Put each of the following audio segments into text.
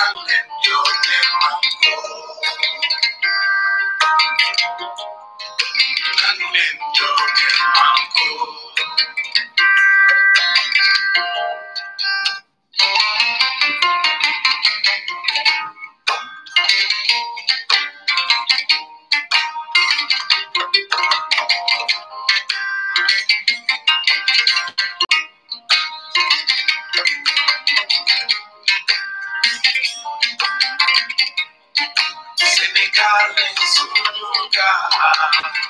Thank you.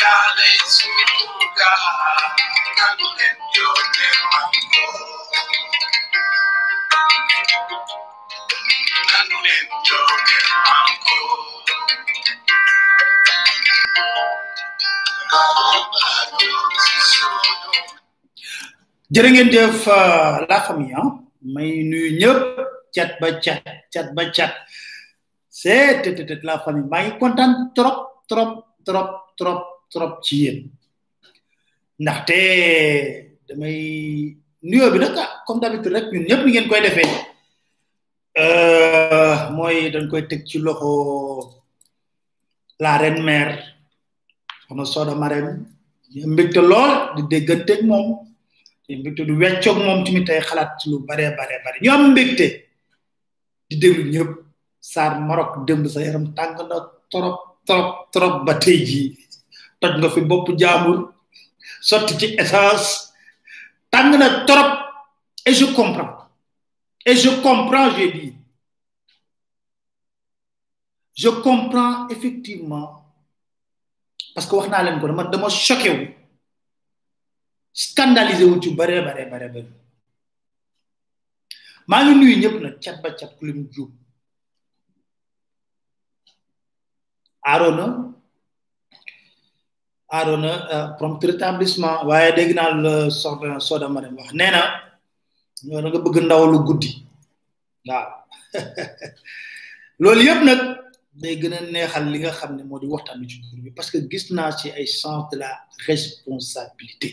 cada en su lugar, canten yo yo te mando. jërë ngeen jëf euh, la famille hein may nuy ñëpp chat ba chat chat ba chat c'est la famille may content trop trop trop trop trop ci yéen ndaxte damay nuyoo bi nag ah, comme d'habitude rek ñun ñëpp ni ngeen koy defee euh, mooy dañ koy teg ci loxo la reine mère soxna Soda Marème di mbégte lool di dégganteeg moom di mbégte du weccoog moom tamit tey xalaat ci lu baree baree bare ñu am mbégte di déglu ñëpp Saar Maroc démb sa yaram tàng na trop trop trop ba tey jii. toj nga fi bopp jaamur sotti ci essence tàng na trop et je comprends et je comprends j'ai dit je comprends effectivement parce que waxna len ko dama dama choqué wu scandalisé wu ci bare bare bare bare maa ngi nuyu ñëpp nag cat ba ciat ku lim juub aaroo are on a prompt euh, rétablissement waaye dégg naa la soxna Soda Marème wax nee na ñoo nga bëgg ndaw lu guddi waaw loolu yëpp nag day gën a neexal li nga xam ne moo di waxtaan ci jur bi parce que gis naa ci ay sens de la responsabilité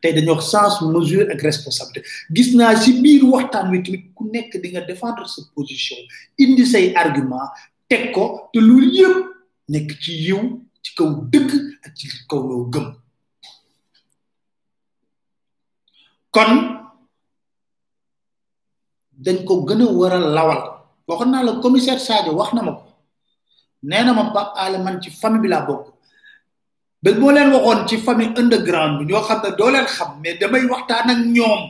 tey dañu wax sens mesure ak responsabilité gis naa ci biir waxtaan wi tamit ku nekk di nga défendre sa position indi say argument teg ko te loolu yëpp nekk ci yiw ci kaw dëgg ak ci kaw loo gëm kon dañ ko gën a war a lawal waxoon naa la commissaire Sadio wax na ma ko nee na ma Pape Alé man ci famille bi laa bokk ba moo leen waxoon ci famille underground bi ñoo xam ne doo leen xam mais damay waxtaan ak ñoom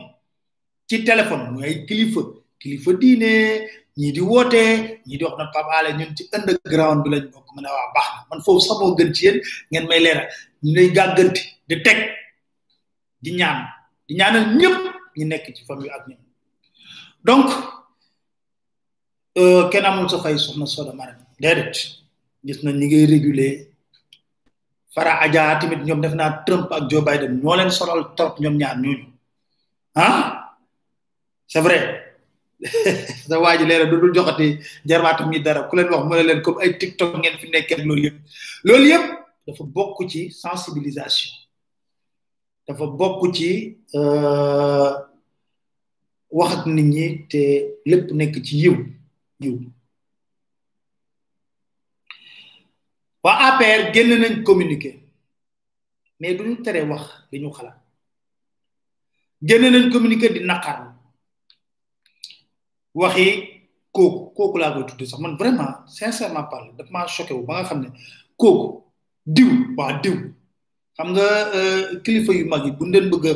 ci téléphone muy kilifa kilifa diine ñi di wote ñi di wax na papa ale ñun ci underground bi lañ bokk mëna ne bax na man fofu sama gën ci yeen ngeen may léra ñu lay gàgganti di tek di ñaan di ñaanal ñëpp ñi nekk ci yu ak ñun donc euh kena mu sa fay soxna soda mara dedet gis na ñi ngay réguler fara aja timit ñom def na trump ak joe biden ñoleen soral trop ñom ñaar ñu ah c'est vrai sa waa ji leeral du dul joxati jarbaatam yi dara ku leen wax mu ne leen comme ay tiktok ngeen fi nekkee ak loolu loolu yëpp dafa bokk ci sensibilisation dafa bokk ci euh, wax nit ñi te lépp nekk ci yiw yiw waa APR génn nañ communiqué mais duñu tere wax li ñu nañ communiqué di naqarlu waxi kooku kooku laa koy tuddee sax man vraiment sincèrement parlé daf maa choqué wu ba nga xam ne kooku diw wax diw xam nga euh, kilifa yu mag yi buñ leen bëgg a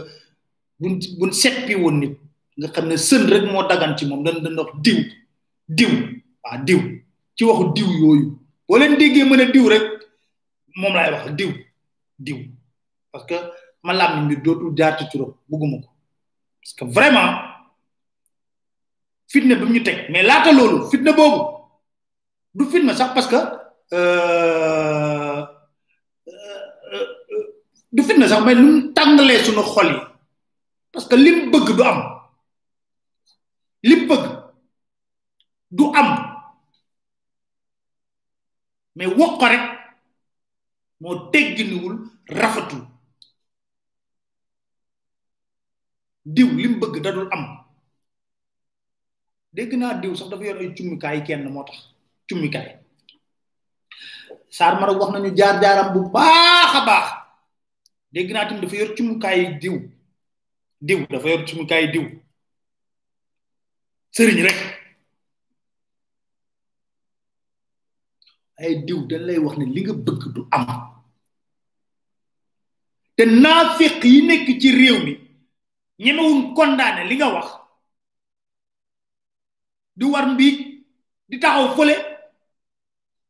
buñ buñ seppi woon nit nga xam ne sën rek moo dagan ci moom dañ dañ wax diw diw waa diw ci waxu diw yooyu boo leen déggee mën a diw rek moom laay wax diw diw parce que ma laam ni mbir dootul jaar ci turam bugguma ko parce que vraiment fitna bi mu ñu teg mais laata loolu fitna boobu du fitna sax parce que euh, euh, euh, du fitna sax mais lu mu tàngalee suñu xol yi parce que lim bëgg du am lim bëgg du am mais wax rek moo tegginiwul rafetul diw lim bëgg dadul am. dégg naa diw sax dafa yor ay cummikaay kenn moo tax cummikaay Sarr Mara wax nañu jaar-jaaram bu baax a baax dégg naa tamit dafa yor cummukaay diw diw dafa yor cummukaay diw sëriñ rek ay diw dañ lay wax ne li nga bëgg du am te naafiq yi nekk ci réew mi ñemewuñ condamné li nga wax di war mbi di taxaw fele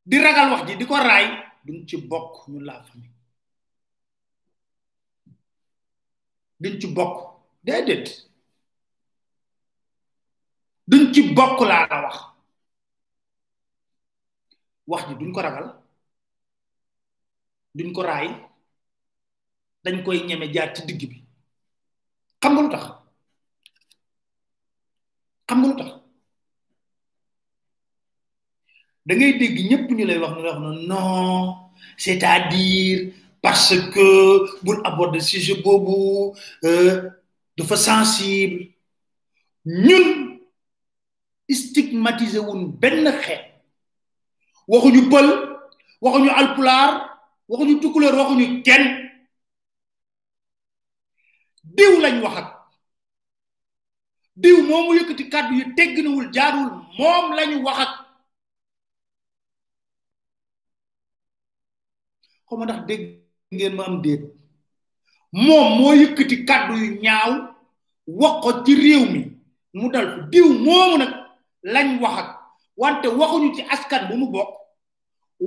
di ragal wax ji di ko raay duñ ci bok ñu la famille duñ ci bok dedet duñ ci bok la la wax wax ji duñ ko ragal duñ ko ray dañ koy ñëmé jaar ci digg bi xam nga lutax xam nga lutax da ngay dégg ñëpp ñu lay wax ne wax na non c'est-à-dire parce que bul aborder sujet boobu euh, dafa sensible ñun stigmatiser wuñ benn xeet waxuñu pël waxuñu alpulaar waxuñu tukulóor waxuñu kenn diw lañ waxat ak diw moomu yëkkati kàddu yu tegginawul jaaruwul moom lañu wax xaw ma ndax dégg ngeen ma am déet moom moo yëkkati kàddu yu ñaaw wax ko ci réew mi mu dal diw moomu nag lañ waxat wante waxuñu ci askan bu mu bokk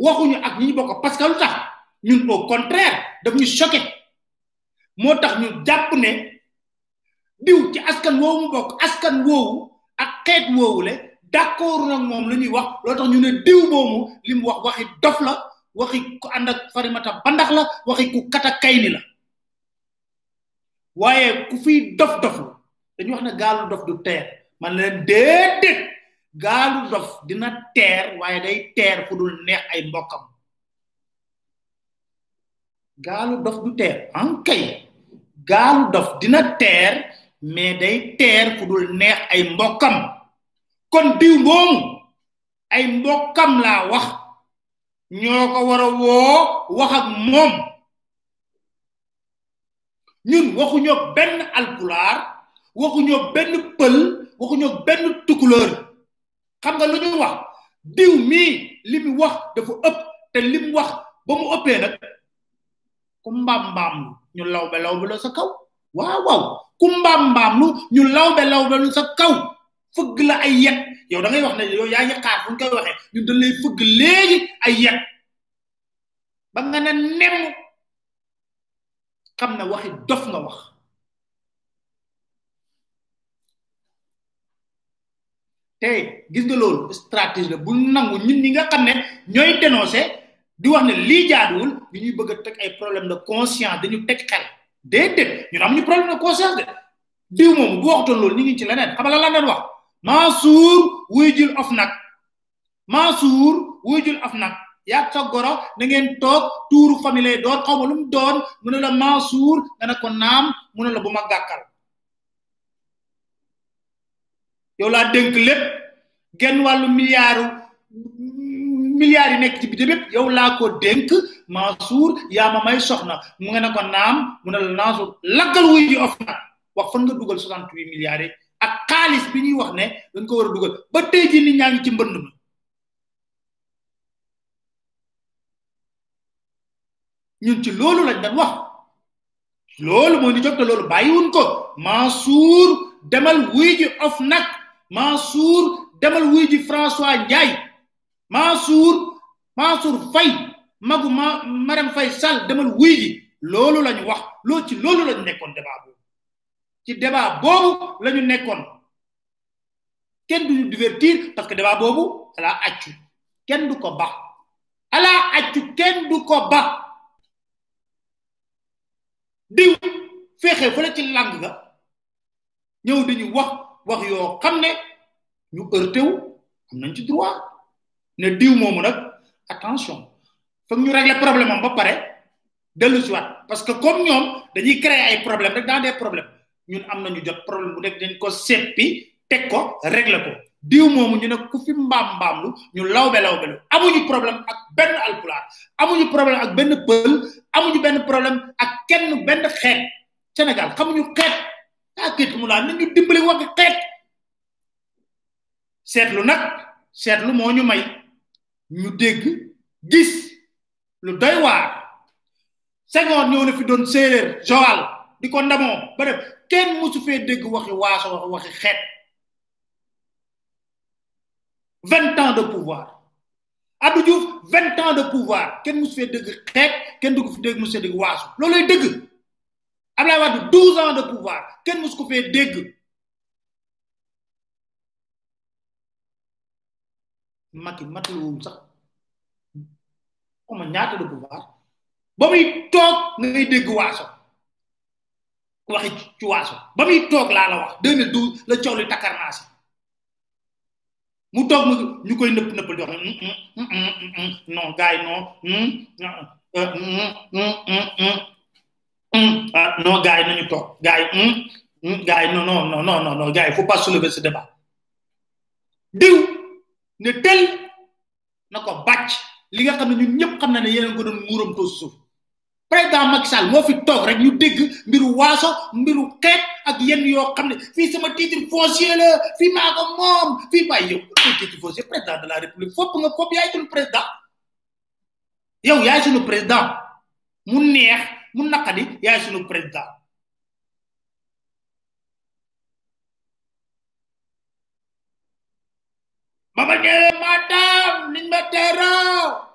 waxuñu ak ñi ñu bokk parce que lu tax ñun au contraire daf ñu choqué moo tax ñu jàpp ne diw ci askan woowu mu bokk askan woowu ak xeet woowu le d'accord nag moom lu ñuy wax loo tax ñu diw moomu li mu wax waxit dof la waxi ku ànd ak farimata bandax la waxi ku kata kayni la waaye ku fiy dof dof dañu wax ne gaalu dof du teer man leen déedéet gaalu dof dina teer waaye day teer fu dul neex ay mbokkam gaalu dof du teer en kay gaalu dof dina teer mais day teer fu dul neex ay mbokkam kon diw moomu ay mbokkam laa wax ñoo ko war a woo wax ak moom ñun waxuñoo benn alpulaar waxuñoo benn pël waxuñoo benn tukuleur xam nga lu ñu wax diw mii li mu wax dafa ëpp te li mu wax ba mu ëppee nag ku mbaam mbaam ñu lawbe lawbe la sa kaw waaw waaw ku mbaam mbaam ñu lawbe lawbe lu sa kaw fëgg la ay yet yow da ngay wax ne yow yaa ñaqaar fu koy waxee ñu da lay fëgg léegi ay yet ba nga na nem xam na waxi dof nga wax tey gis nga loolu stratégie la bu nangu ñun ñi nga xam ne ñooy dénoncé di wax ne lii jaaduwul bi ñuy bëgg a teg ay problème de conscience dañu teg xel déedéet ñun amuñu problème de conscience de diw moom bu waxtoon loolu ñu ngi ci leneen xamal la lan wax Mansour wuy jul of nag masuur wuy jul of nag yaa sa goro na ngeen toog tuuru famille lay doon xaw ma lu doon mu ne la Mansour nga ne ko naam mu ne la bu ma gàkkal yow laa dénk lépp genn wàllu milliard milliards nekk ci yow laa ko dénk Mansour yaa may soxna mu nga ne ko naam mu ne la Mansour laggal wuy ji of nag wax fan nga dugal soixante-huit milliards xaalis bi ñuy wax ne dañ ko war a dugal ba tey ji nit ñaa ngi ci mbënd ma ñun ci loolu lañ doon wax loolu mooy ni jot te loolu bàyyiwuñ ko Mansour demal wuy ji OFNAC Mansour demal wuy ji François Ndiaye Mansour Mansour Faye magu ma Marème Faye Sall demal wuy ji loolu lañu wax loo ci loolu lañu nekkoon débat boobu ci débat boobu lañu nekkoon kenn duñu divertir parce que débat boobu ala accu kenn du ko ba ala accu kenn du ko ba diw fexe fële ci lang nga ñew diñu wax wax yo xamné ñu heurté wu am nañ ci droit né diw momu nak attention fakk ñu régler problème am ba pare delu ci wat parce que comme ñom dañuy créer ay problème rek dans des problèmes ñun am nañu jot problème bu nek dañ ko seppi teg ko regle ko diw moomu ñu ne ku fi mbaam lu ñu lawbe lawbe lu amuñu problème ak benn alpulaar amuñu problème ak benn pël amuñu benn problème ak kenn benn xeet Sénégal xamuñu xeet kaa ah, kiit mu laa na ñu dimbali wax xeet seetlu nag seetlu moo ñu may ñu dégg gis lu doy waar Senghor ñëw na fi doon séeréer Joal di ko ndamoo ba def kenn mosu fee dégg waxi waaso waxi xeet 20 ans de pouvoir Abdou Diouf 20 ans de pouvoir Ken musu fait deug xeet ken du ko fi deug musu fee dëgg waasu loolooy dëgg Abdoulaye Wade 12 ans de pouvoir Ken musu ko fee dégg Macky matalowul sax xama ñaata de pouvoir Bamuy tok ngay deug waaso waxi ci waaso Bamuy tok la la wax 2012 le coow li takkarnaasi mu toog ñu koy nëpp nëppal di wax non gars yi non non nañu toog gars yi gars yi non non non non non gars yi faut diw ne tel na ko bàcc li nga xam ne ñun ñëpp xam na ne yeneen ko doon muuram too suuf président Macky Sall moo fi tok rek ñu dégg mbiru waaso mbiru xet ak yenn yo xam fi sama titre foncier la fi maa ko moom fii bàyyi yow titre foncier président de la république fop nga fop yaay sunu président yow yaay sunu président mu neex mu naqadi yaay sunu président baba ñëlé madame niñ ma teroo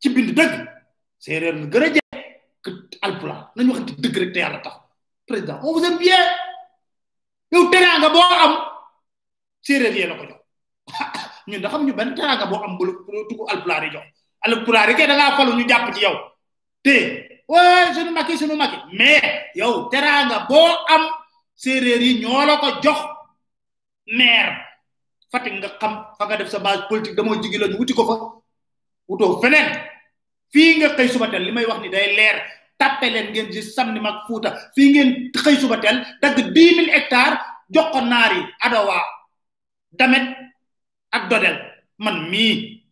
ci bind dëgg séeréer na gën a jee que alpula nañu waxante dëgg rek te yàlla tax président on vous aime bien yow teranga boo am séeréer yee la ko jox ñun da xam ñu benn teranga boo am bu tugu alpula di jox alpula rek da ngaa falu ñu jàpp ci yow te waay sunu makki sunu maki mais yow teranga boo am séeréer yi ñoo la ko jox maire fatik nga xam fa nga def sa base politique dama jigi la ñu wuti ko fa wuto fenen fii nga xëy suba li may wax ni day leer tàppe leen ngeen sam samni mag fuuta fii ngeen xëy suba teel dagg dix mille hectares jox ko naar yi adowaa ak dodel man mii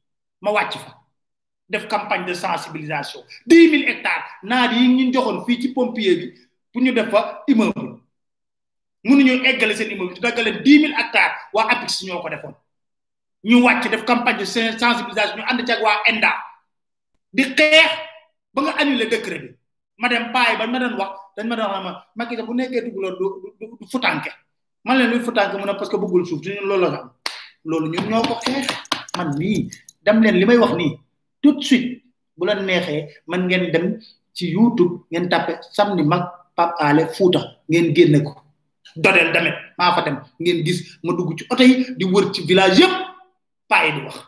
ma wàcc fa def campagne de sensibilisation dix mille hectares naar yi ñu joxoon fii ci pompier bi pour ñu def fa immeuble mënuñu eggale seen immeuble di daggale dix mille hectares waa APIX ñoo ko defoon ñu wàcc def campagne de sensibilisation ñu ànd ci waa ENDA di xeex ba nga annulé décret bi ma dem paay ba ma dañ wax dañ ma dañ ma Macky bu nekké duguloon du du futanke ya. man leen luy futanke mu ne parce que bëggul suuf ñu loolu la loolu ñun ñoko ko xeex man ni dem leen limay wax ni tout de suite bu la nexé man ngeen dem ci youtube ngeen tapé samedi mag pap ale futa ngeen génne ko dodel damit ma fa dem ngeen gis ma dugg ci auto yi di wër ci village yépp pay di wax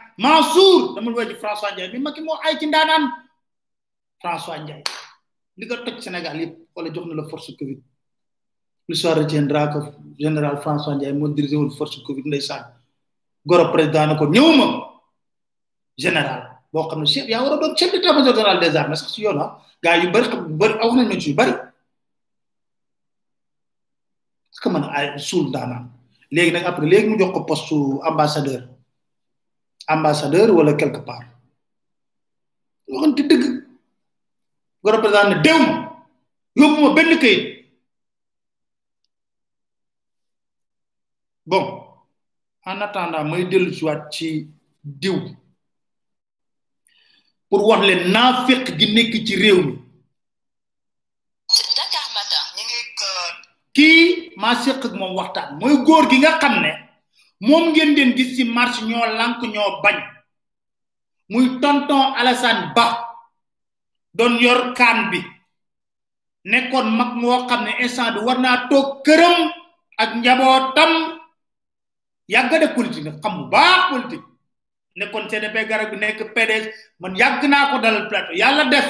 Mansour damul woy ci François Ndiaye mi Macky moo ay ci François Ndiaye li ko toj Sénégal yëpp wala jox na la force Covid l'histoire retiendra que général François Ndiaye moo dirigé force Covid ndeysaan goro président na ko ñëwuma général boo xam ne chef yaa war a doon chef détat général des armées si yoon ah gars yu bëri xam bëri wax nañ ma ci yu bëri parce que mën a ay suul ndaanaan léegi nag après léegi mu jox ko ambassadeur ambassadeur wala quelque part waxon te deug go représenter dew yobuma benn kay bon en attendant may delu ci wat ci diw pour wax le nafiq gi nek ci rew mi ki ma sekk mom waxtan moy gor gi nga xamne moom ngeen leen gis ci marche ñoo lànk ñoo bañ muy tonton Alassane Ba doon yor kaan bi nekkoon mag moo xam ne instant bi war naa toog këram ak njabootam yàgg de politique nag xam bu baax politique nekkoon CDP garab bi nekk PDS man yàgg naa ko dalal plateau yàlla def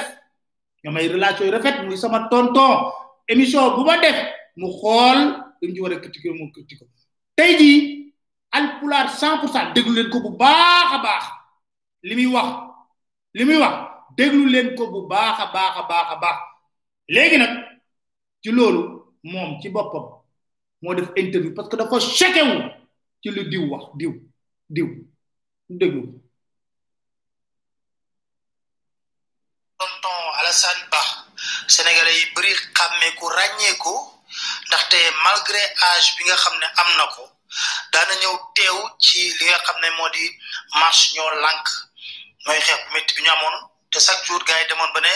ñoo may relation yu rafet muy sama tonton émission bu ma def mu xool lu ñu war a critiquer mu critiquer tey jii cent pour cent déglu ko bu baax a baax li muy wax li muy wax déglu leen ko bu baax a baax a baax a baax léegi nag ci loolu moom ci boppam moo def interview parce que dafa choqué wu ci lu diw wax diw diw déglu tonton Alassane Ba sénégalais yi bëri xàmmee ku ràññee ndaxte malgré âge bi nga xam ne am na ko daana ñëw teew ci li nga xam ne moo di marche ñoo lànk mooy xeex bu métti bi ñu amoon te chaque jour gars yi demoon ba ne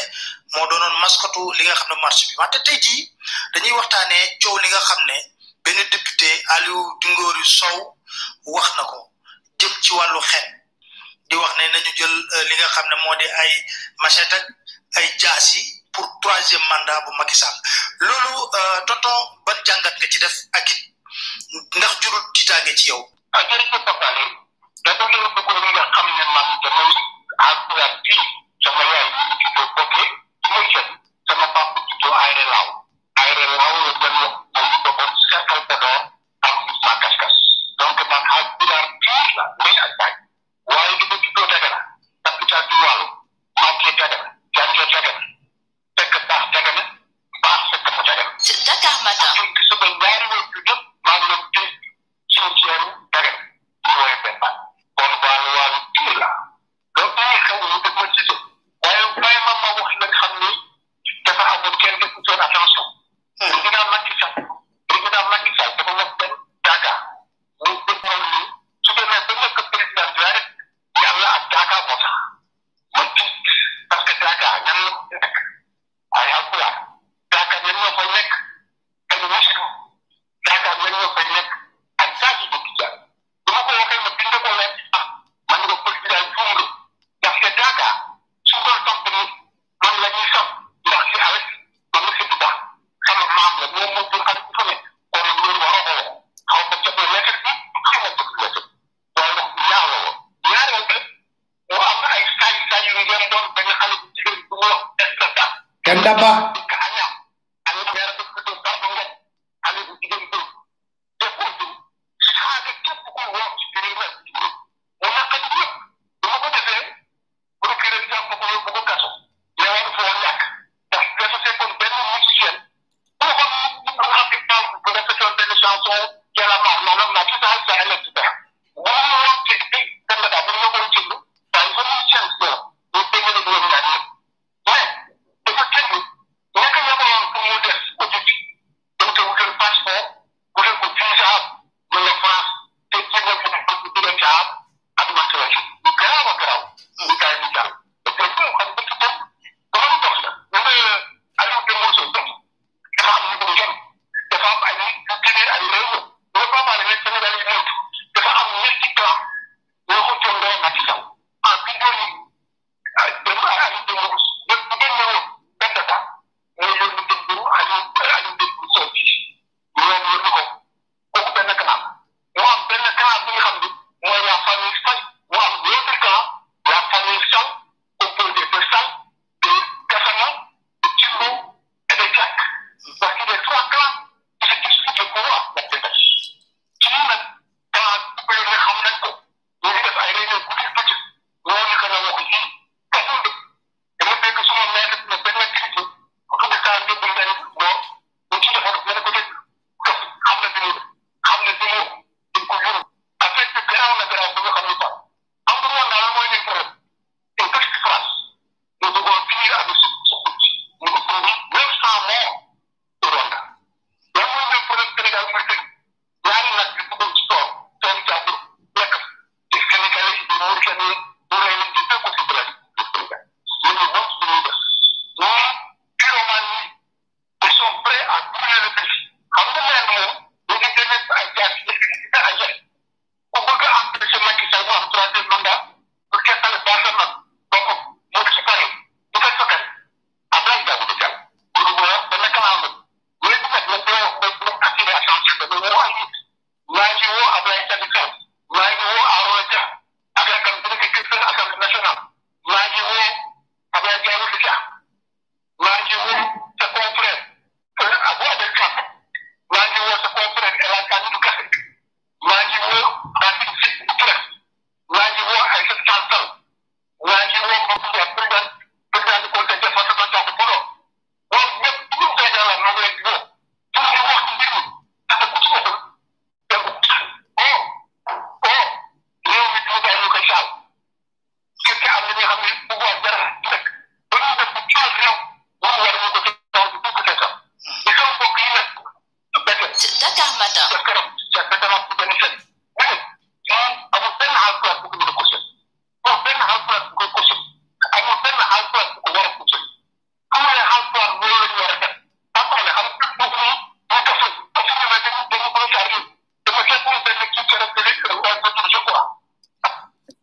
moo doonoon maskotu li nga xam ne marché bi wante tey jii dañuy waxtaanee coow li nga xam ne benn député Aliou Dingori Sow wax na ko jëm ci wàllu xeet di wax ne nañu jël euh, li nga xam ne moo di ay machette ak ay jaasi pour troisième mandat bu Macky Sall loolu euh, tonton ban jàngat nga ci def ak it ndax jurul tiitaange ci a ah jërëjëf Papa Alé dafa gën a bëggoon nga xam ne man a àgguwaat bii sama yaay yi ñu juddoo bokkee ci mooy set sama papa juddoo Aéré Lao Aéré Lao la doon wax ay bokkoon cercle Podor ak Ousmane Kaskas donc la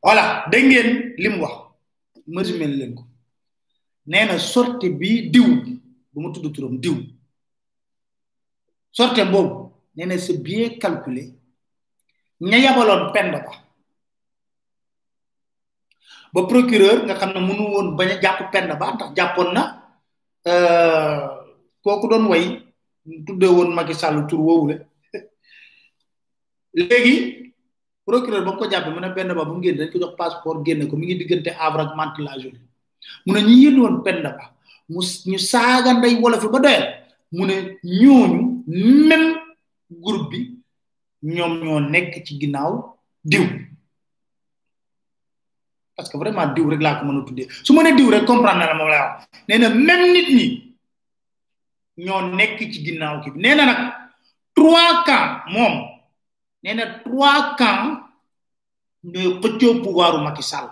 voilà dégg ngeen li mu wax ma résumé leen ko nee na sortie bi diw bu ma tudd turam diw sorte boobu nee na c'est bien calculé ña yabaloon pend ba ba procureur nga xam ne mënu woon bañ a jàpp pend ba ndax jàppoon na euh, kooku doon way tuddee woon Macky Sall tur woowule léegi procureur ba ko jàppee mu ne Penda Ba bu mu da dañ ko jox passeport génne ko mi ngi diggante Havre ak Mantes la Jolie mu ne ñu yéen woon Penda Ba mu ñu saaga ndey wolof ba doyal mu ne ñooñu même groupe bi ñoom ñoo nekk ci ginnaaw diw parce que vraiment diw rek laa ko mën a tuddee su ma ne diw rek comprendre na la moom laa wax nee na même nit ñi ñoo nekk ci ginnaaw kii bi nee na nag trois cas moom. nee na trois camps ñooy xëccoo pouvoiru Macky Sall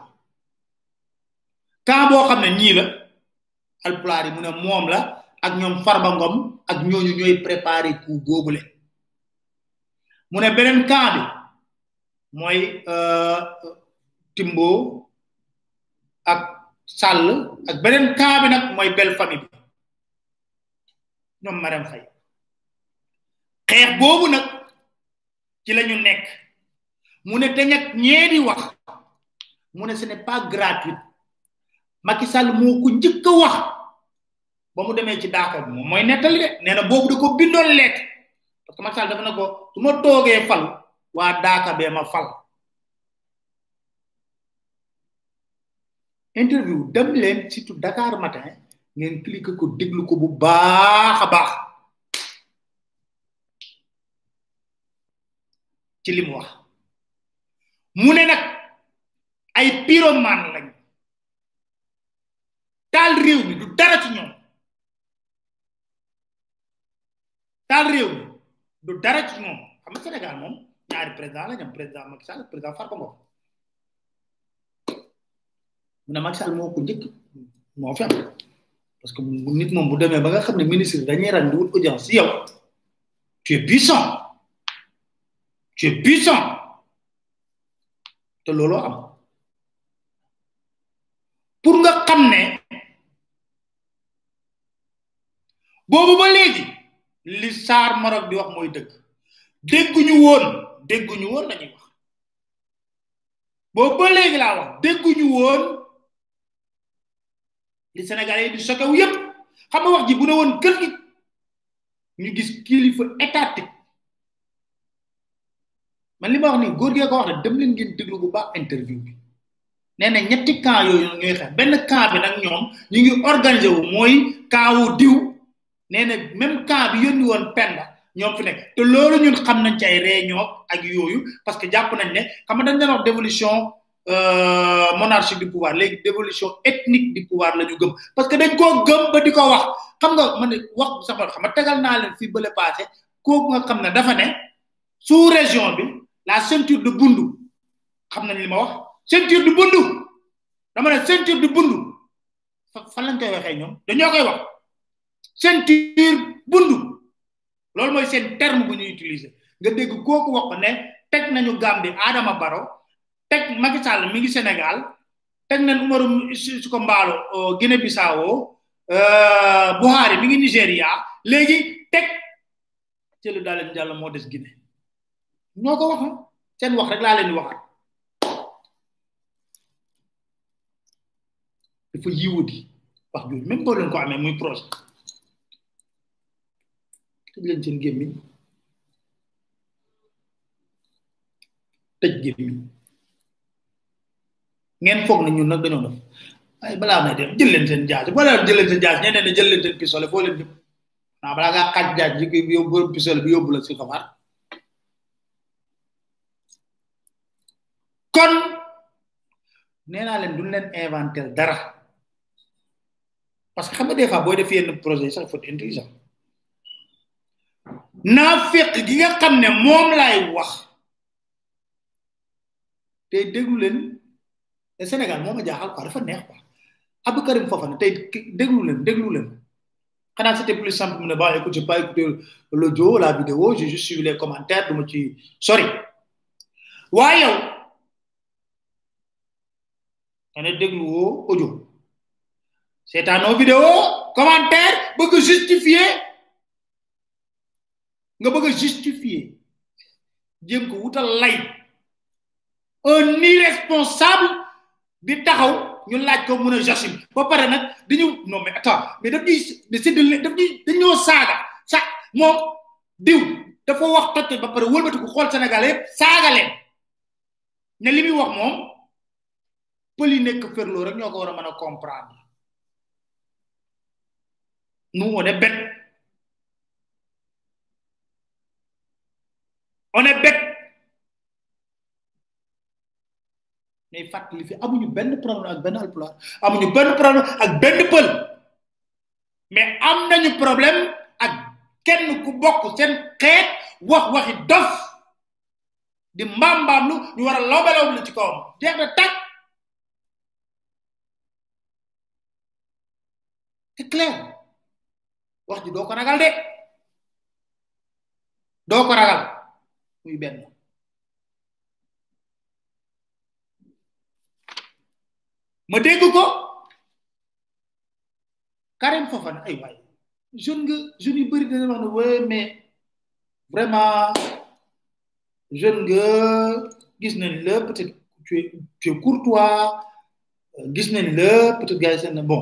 camp boo xam ne ñii la alpulaar yi mu ne moom la ak ñoom Farba Ngom ak ñooñu ñooy préparé coup boobule mu ne beneen camp bi mooy euh, Timbo ak Sall ak beneen camp bi nag mooy famille bi ñoom Marème xeex boobu nag. ci la ñu nekk mu ne te ñag wax mu ne ce n'est pas gratuit Macky Sall moo ko a wax ba mu demee ci daaka bi moom mooy nettali de nee na boobu da ko bindoon lettre parce que Macky Sall dafa na ko su ma toogee fal waa daaka bee ma fal interview dem leen surtout Dakar matin ngeen cliquer ko déglu ko bu baax a baax ci lim wax mu ne nag ay pyromane lañ taal réew mi du dara ci ñoom taal réew mi du dara ci ñoom xam nga Sénégal moom ñaari président la ñam président Macky Sall président farko Ngom mu ne Macky Sall moo ko njëkk moo fi am parce que nit moom bu demee ba nga xam ne ministre dañuy ràññi wut audience yow tu es puissant tu puissant te looloo am pour nga xam ne boobu ba léegi li Saar Marok di wax mooy dëgg dégguñu woon dégguñu woon la ñuy boobu ba léegi laa wax dégguñu woon li Sénégalais yi sokew yépp xam wax ji bu ne woon kër gi ñu gis kilifa étatique li ma wax nii góor gee ko wax na dem leen ngeen déglu bu baax interview bi nee na ñetti cas yooyu ñooy xeex benn cas bi nag ñoom ñu ngi organisé wu mooy cas wu diw nee na même cas bi yónni woon Penda ñoom fi nekk te loolu ñun xam nañ ci ay réunion ak yooyu parce que jàpp nañ ne xam nga dañ leen dévolution euh, monarchie du pouvoir léegi dévolution ethnique du pouvoir la ñu gëm parce que dañ koo gëm ba di ko wax xam nga man wax sax xam nga tegal naa leen fii bële passé kooku nga xam ne dafa ne sous région bi. la ceinture de bundu xam nañ li ma wax ceinture de bundu dama ne ceinture de bundu fa fan lañ koy waxee ñoom dañoo koy wax ceinture bundu loolu mooy seen terme bu ñu utiliser nga dégg kooku wax ne teg nañu Gambie Adama baro teg Macky Sall mi ngi Sénégal teg nañ Umaru Sissoco Embaló euh, Guinée Bissau euh, Buhari mi ngi Nigéria léegi teg Cellou Dalein Diallo moo des Guinée. ñoo ko wax seen wax rek laa leen wax waxaat dafa yiwuti wax jooju même boo leen ko amee muy projet tëj leen seen gémmiñ tëj gémmiñ ngeen foog na ñun nag dañoo def waaye balaa may dem jël leen seen jaasi boo leen jël leen seen jaasi ñeneen ne jël leen seen pistolet foo leen jëm naa balaa ngaa xaj jaaj ji yóbbu pistolet bi yóbbu la si xabaar kon nee naa leen duñ leen inventel dara parce que xam nga des fois booy def yenn projet yi sax faut naa fekk gi nga xam ne moom laay wax tey déglu leen Sénégal moo ma jaaxal quoi dafa neex ko quoi Abdou Karim Fofana tey déglu leen déglu leen xanaa c'était plus simple mu ne ba écoute ci pas écouté l'audio la vidéo j'ai juste suivi les commentaires du ma ci sori waaye yow dana deglu wo audio sétano vidéo commentaire bëgg justifier nga bëgg justifier jëm ko wutal lay un irresponsable di taxaw ñu laaj ko mën a jasim ba pare nag dañu non mais attends mais daf ñuy mais c'est de daf ñuy dañoo saaga sa moom diw dafa wax toj ba pare wëlbatiku xool sénégalais yëpp saaga leen ne li muy wax moom pëli nekk ferlo rek ñoo ko war a mën a comprendre nous on est bête on est bête mais fàttali fi amuñu benn problème ak benn alpulaar amuñu benn problème ak benn pël mais am nañu problème ak kenn ku bokk seen xeet wax waxi dof di mbaam mbaam lu ñu war a lobeloo ci kawam jeex na tak. c'est clair wax ji doo ko ragal de doo ko ragal muy benn ma dégg ko Karim Fofana ay waay jeune nga jeune yu bëri dana wax ne waaye mais vraiment jeune nga gis nañ la peut-être tu es tu es courtois gis nañ la peut-être gars yi seen bon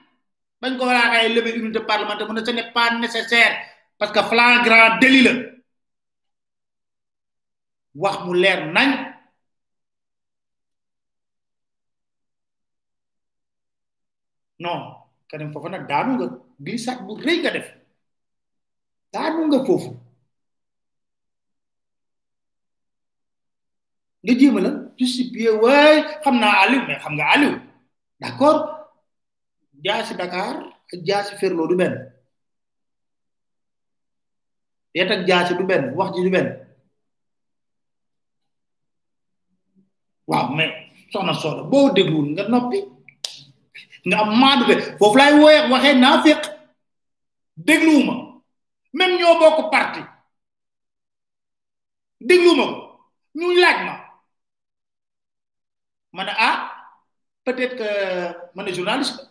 bañ ko war a ay lever unité parlementaire mu ne ce pas nécessaire parce que flagrant délit la wax mu leer nañ non Karim Fofana daanu nga di sat bu rëy nga def daanu foofu nga jéema la justifié waay xam na Aliou mais xam nga Aliou d'accord jaasi Dakar ak jaasi Ferlo du benn yet ak jaasi du benn wax ji du benn waaw mais soxna soxna boo dégluwul nga noppi nga am maadu be foofu laay wooye naa féq dégluwuma même ñoo bokk parti dégluwuma ko laaj ma ma ne ah peut-être que ma journaliste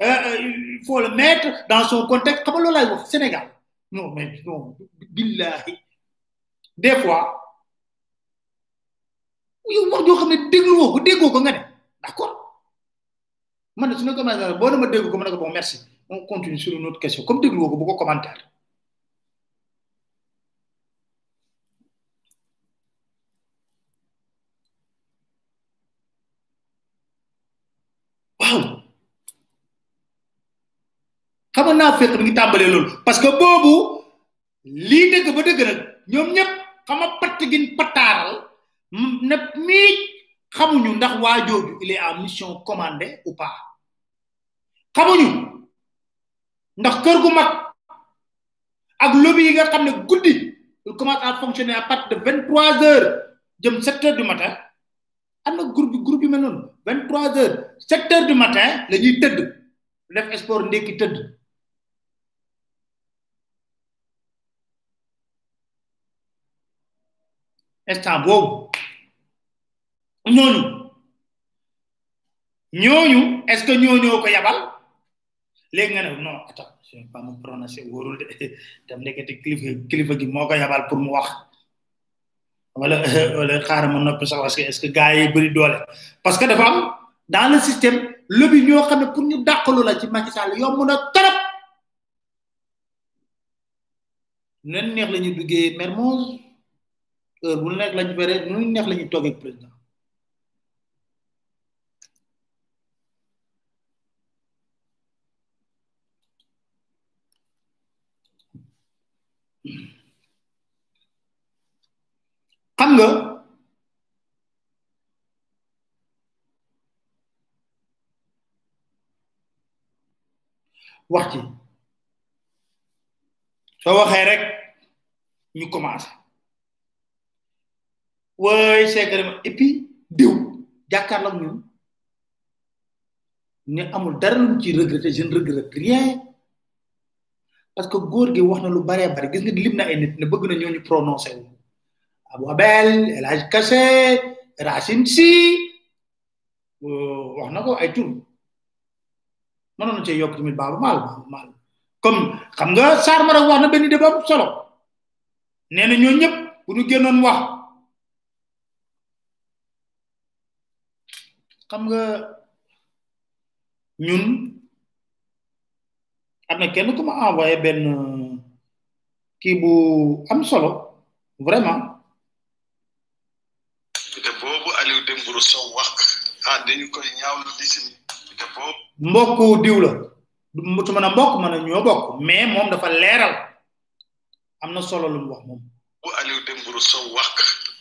Euh, euh, il faut le mettre dans son contexte xam le loolu wax Sénégal non mais non billahi des fois yow wax joo que ne dégluwoo ko déggoo ko nga d'accord man su ma ko bon merci on continue sur une autre question comme dégluwoo ko beaucoup de commentaires naafiq ni ngi tàmbalee parce que bobu li deug ba deug nak ñom ñep xama patte gin pataral ne mi xamuñu ndax waa jooju il est en mission commandée ou pas xamuñu ndax kër gu mag ak lobby yi nga xam ne guddi il commence à fonctionner à partir de 23 heures jëm 7 heures du matin amna groupe groupe yu mel non 23 heures 7 heures du matin lañuy teud def sport ndékki teud instant boobu ñooñu ñooñu est ce que ñooñoo ko yabal léegi nga ne non attends je pas mu prononcer wóorul de tam nekkati kilifa kilifa gi moo ko yabal pour mu wax wala wala xaaral ma noppi sax parce que est ce que gars yi bëri doole parce que dafa am dans le système lobby ñoo xam ne pour ñu dàqalu la ci Macky Sall yomb na trop nen neex la ñu duggee Mermoz heure bu nekk lañ fere nu neex la ñuy toogee ak président xam nga wax soo waxee rek ñu commencé way ségalé et puis diw jakar la ñun ne amul dara lu ci regretter je ne regrette rien parce que goor gi wax na lu bare bare gis nga lim na ay nit ne bëgg na ñoo ñu prononcer wu abou abel el haj kasse rasin si wax na ko ay tour mëna ñu ci yok timit babu mal mal comme xam nga sar mara wax na benn débat solo neena ñoo ñëpp bu ñu gënon wax xam nga ñun am na kenn ku ma envoyé benn kii bu am solo vraiment. te boobu Aliou Dembourou Sow wax ah dañu koy ñaawlu di si te boobu. mbokku diw la su mën a mbokk mën a ñoo bokk mais moom dafa leeral am na solo lu mu wax moom. bu Aliou Dembourou Sow wax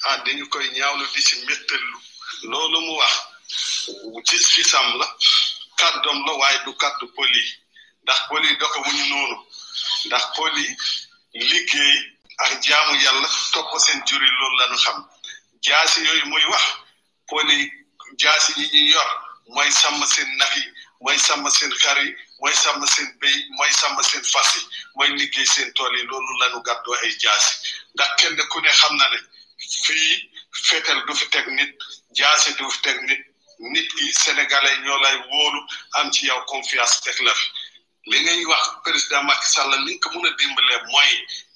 ah koy ñaawlu di si méttalu loolu wax. fi sam la kàddoom la waaye du kàddu poli ndax poli doxe wuñu noonu ndax poli liggéey ak jaamu yàlla topp seen juri loolu lañu xam jaasi yooyu muy wax poli jaasi yi ñu yor mooy sàmm seen nax yi mooy sàmm seen xar yi mooy sàmm seen béy mooy sàmm seen yi mooy liggéey seen tool yi loolu lañu gàddoo ay jaasi ndax kenn ku ne xam na ne fii fetel du fi teg nit jaasi du fi teg nit ñi sénégalais ñoo lay woolu am ci yow confiance teg la fi li ngay wax président Macky Sall li nga ko mën a mooy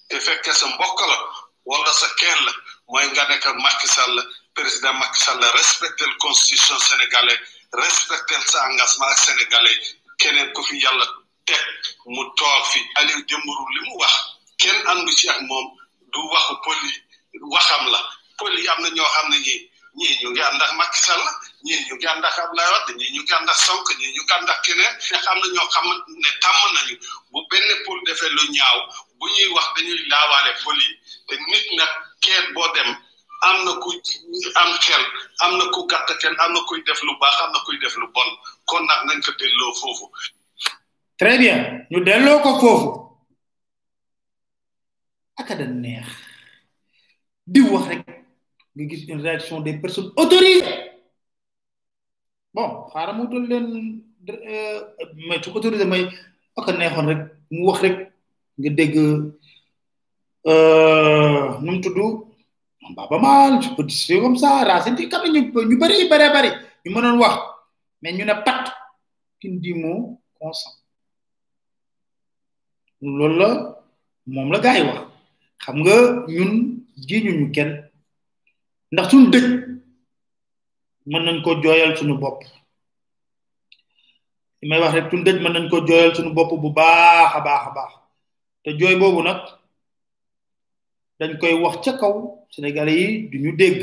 te fekkee sa mbokk la wala sa kenn la mooy nga nekk Macky Sall président Macky Sall respecté constitution sénégalais respecté sa engagement ak sénégalais keneen ko fi yàlla teg mu toog fi Aliou Dembourou li mu wax kenn àndu ci ak moom du waxu yi waxam la yi am na ñoo xam ne ñii. ñii ñu ngi ànd ak Macky Sall ñii ñu ngi ànd ak Abdoulaye Wade ñii ñu ngi ànd ak Sonko ñu ngi ànd ak keneen am na ñoo xam ne tàmm nañu bu benn pour defee lu ñaaw bu ñuy wax dañuy laawaale foli te nit nag keer boo dem am na ku am xel am na ku gàtt kenn am na kuy def lu baax am na kuy def lu bon kon nag nañ ko delloo foofu. très bien ñu delloo ko foofu ak da neex di wax rek. nga gis une réaction des personnes autorisées bon xaaral ma wutal leen euh, mais su autoriser may ak a rek mu wax rek nga dégg euh num tudd Baaba Maal je peux dire comme ça Racine quand même ñu ñu bari bari bari ñu mënon wax mais ñu ne pat qui ne dit consent lool la mom la gay wax xam nga ñun jiñu ñu kenn. ndax suñ dëj mën nañ ko jooyal suñu bopp li may wax rek suñ dëj mën nañ ko jooyal suñu bopp bu baax a baax a baax te jooy boobu nag dañ koy wax ca kaw sénégal yi duñu dégg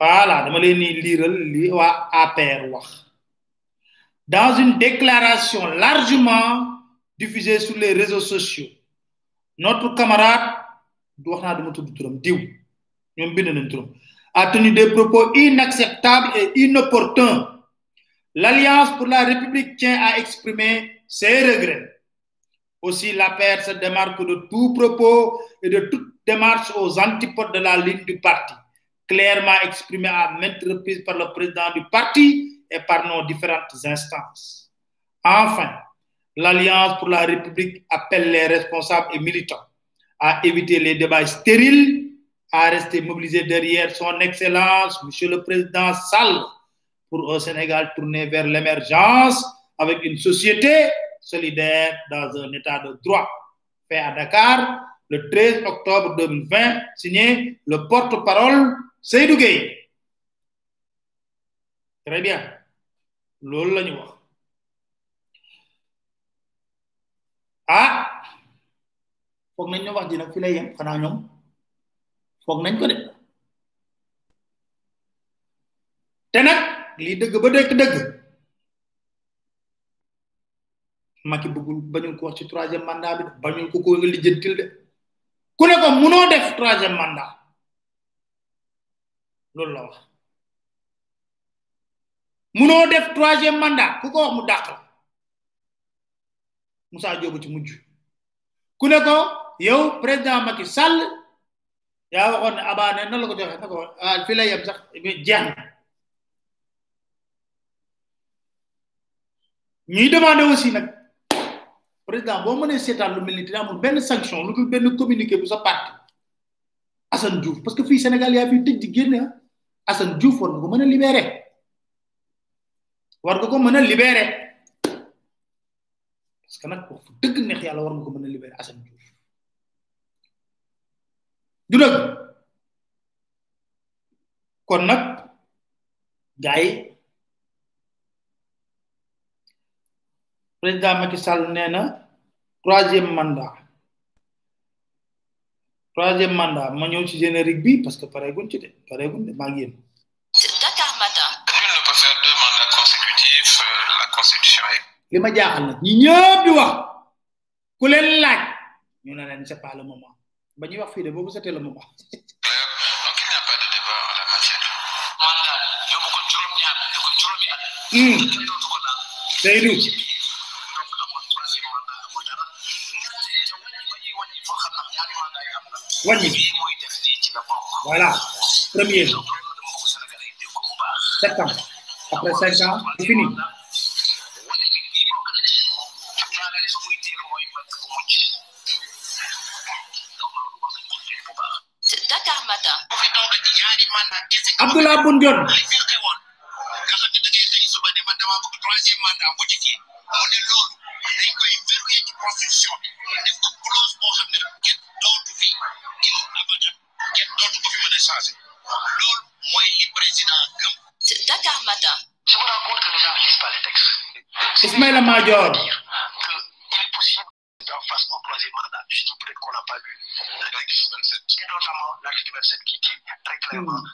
voilà dama leen ni liiral li waa APR wax dans une déclaration largement diffusée sur les réseaux sociaux notre camarade du wax naa ma tudd turam diw a tenu des propos inacceptables et inopportuns l'alliance pour la république tient à exprimer ses regrets aussi la paire se démarque de tout propos et de toute démarche aux antipodes de la ligne du parti clairement exprimée à maintes reprises par le président du parti et par nos différentes instances enfin l'alliance pour la république appelle les responsables et militants à éviter les débats stériles à rester mobilisé derrière son Excellence, Monsieur le Président Sall, pour au Sénégal tourner vers l'émergence avec une société solidaire dans un état de droit. Fait à Dakar le 13 octobre 2020, signé le porte-parole Seydou Gueye. Très bien. loolu ah pour foog nañ ko de te nag lii dëgg ba dëkk dëgg maki bëggul bañu ko wax ci troisième mandat bi bañu ko ko lijjantil de ku ne ko munoo def troisième mandat loolu la wax munoo def troisième mandat ku ko wax mu dàq la Moussa Diop ci mujj ku ne yow président maki Sall yaa waxoon ne abaa ne nan la ko joxe na ko ah fi lay yem sax jeex na ñuy aussi nag président boo mënee seetaan lu mel ni benn sanction lu benn communiqué bu sa parti Assane Diouf parce que fii Sénégal yaa fi tëj di génne ah. Assane Diouf war nga ko mën a libéré war nga ko mën a libéré parce que nag dëgg neex yàlla war nga ko mën a libéré Assane Diouf. du dëgg kon nag gars yi président Macky Sall nee na troisième mandat troisième mandat ma ñëw ci générique bi parce que pare pareeguñ ci de pareeguñ de maa ngi yéen. Dakar Matin. nul ne peut faire deux euh, la constitution est. li ma nag ñi ñëpp di wax ku leen laaj ñu ne leen c'est pas ba wax fii boobu c'était la matière. man daal yóbbu hmm. te dootu ko laal. Seydou. premier. donc après cinq ans c'est fini. matin. Abdoulaye Boun Dionne. Ismaïla Madior. personne qui tient très clairement hmm.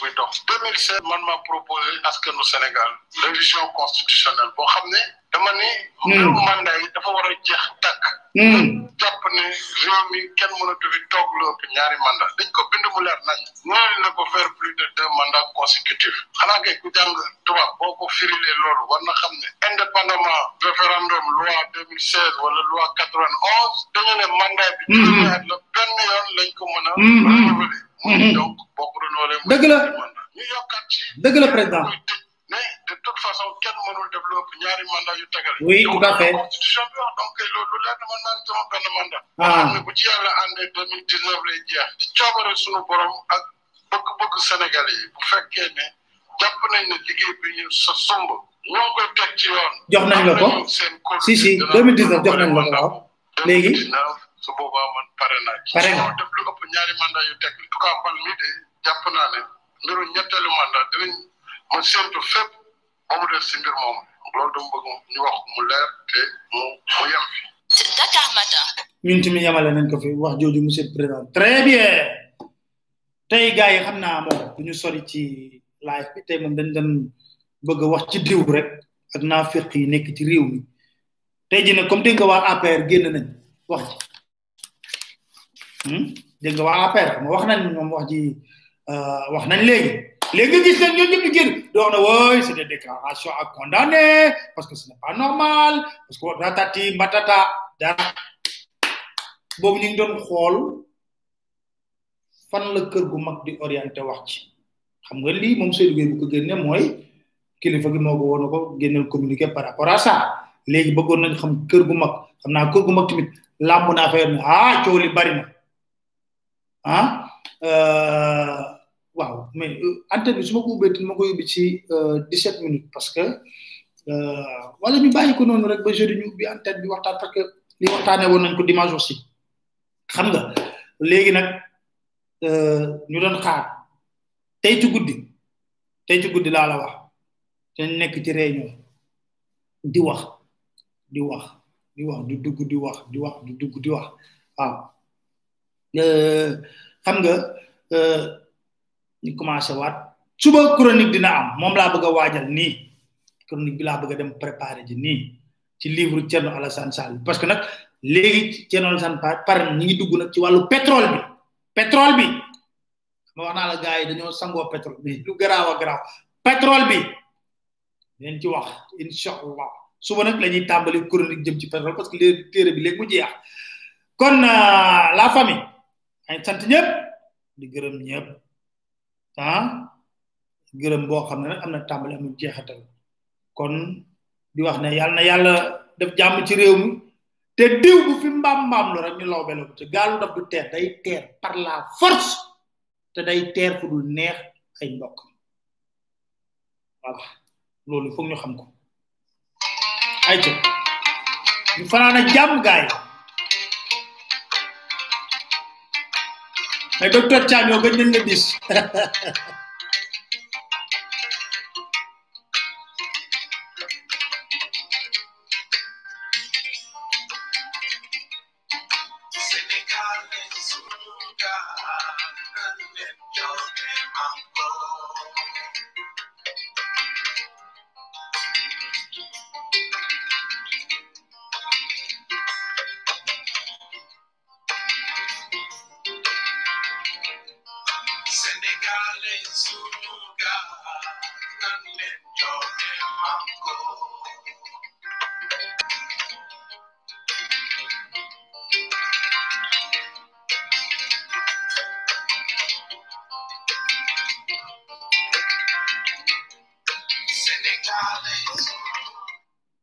buy dox 2016 man ma proposé le Sénégal révision constitutionnelle Bon, xamné dama ni hmm. mandat yi dafa wara a tak tàkk hmm. jàpp ne réew mi kenn mënatu fi toog lu mandat dañ ko bindu mu leer nañ ñaari na faire plus de deux mandats consécutifs xana kay ku jang tuba boko ko lolu war na xamné indépendamment référendum loi 2016 wala loi 91 dañu né mandat bi ñu hmm. la benn yoon lañ ko mëna donc boo ko renouvelé. dëgg ñu yokkaat ci. dëgg la président mais de toute façon kenn mënul ñaari mandat yu tegal. oui tout à fait constitution bi wax donc loolu leer na man naa ne sama benn mandat. ah bu ci deux mille dix neuf lay jeex. di coobare borom ak bëgg-bëgg Sénégalais yi bu fekkee ne jàpp nañ ne liggéey bi ñu sa sumb. ñoo koy ci yoon. jox nañ la ko si si deux mille dix jox nañ la ko waaw su boobaa man pare kan naa ci. pare def lu ëpp ñaari mandat yu teg en tout cas de jàpp naa ne mbiru ñetteelu mandat dinañ ma séntu def mbir ñu wax mu leer mu mu fi. Dakar matin. ñun tamit yamale nañ ko fi wax jooju monsieur président très bien tey gars yi xam naa sori ci live bi tey moom dañ bëgg wax ci rek ak yi nekk ci réew mi ji comme nga APR génn nañ wax dégg nga waa APR xam wax nañ moom wax ji wax nañ léegi gis nañ di génn di wax ne c'est des déclarations à condamner parce que ce n'est normal parce que ratati matata dan boobu ñu doon fan la kër gu di oriente wax ci xam nga lii moom Seydou Gueye bu ko mooy kilifa gi moo ko woon ko par rapport à ça léegi bëggoon nañ xam kër gu mag kër gu mag tamit na affaire ah coow li bari ah euh, waaw mais euh, antenne bi su ma ko ubbee ma ko yóbbi ci 17 euh, minutes parce que wala ñu bàyyi ko noonu rek ba jeudi ñu ubbi antenne bi waxtaan parce que li waxtaanee woon nañ ko dimanche aussi xam nga léegi nag ñu doon xaar tey ci guddi tey ci guddi laa la wax te nekk ci réunion di wax di wax di wax di dugg wax di wax di dugg di wax waaw. xam nga ni commencé wat suba chronique dina am mom la bëgg a waajal nii chronique bi la bëgg dem préparer ji ni ci livre Thierno Alassane Sall parce que nak légui Alassane par ni ngi dugg nak ci walu pétrole bi pétrole bi ma wax na la gaay dañu sango pétrole bi lu garaaw graw petrol pétrole bi leen ci wax inshallah allah suba nak lañuy tambali chronique jëm ci pétrole parce que terre bi légui mu jeex kon euh, la famille ay ngi sant ñëpp di gërëm ñëpp ah gërëm boo xam ne nag am na tàmbali amul jeexatal kon di wax ne yàlla na yàlla def jàmm ci réew mi te diw bu fi mbaam mbaam lu rek ñu te day teer neex ay mbokk voilà loolu foog ñu xam ko ay ñu fanaan a jàmm gaay mais docteur Thiam yow gëj nañ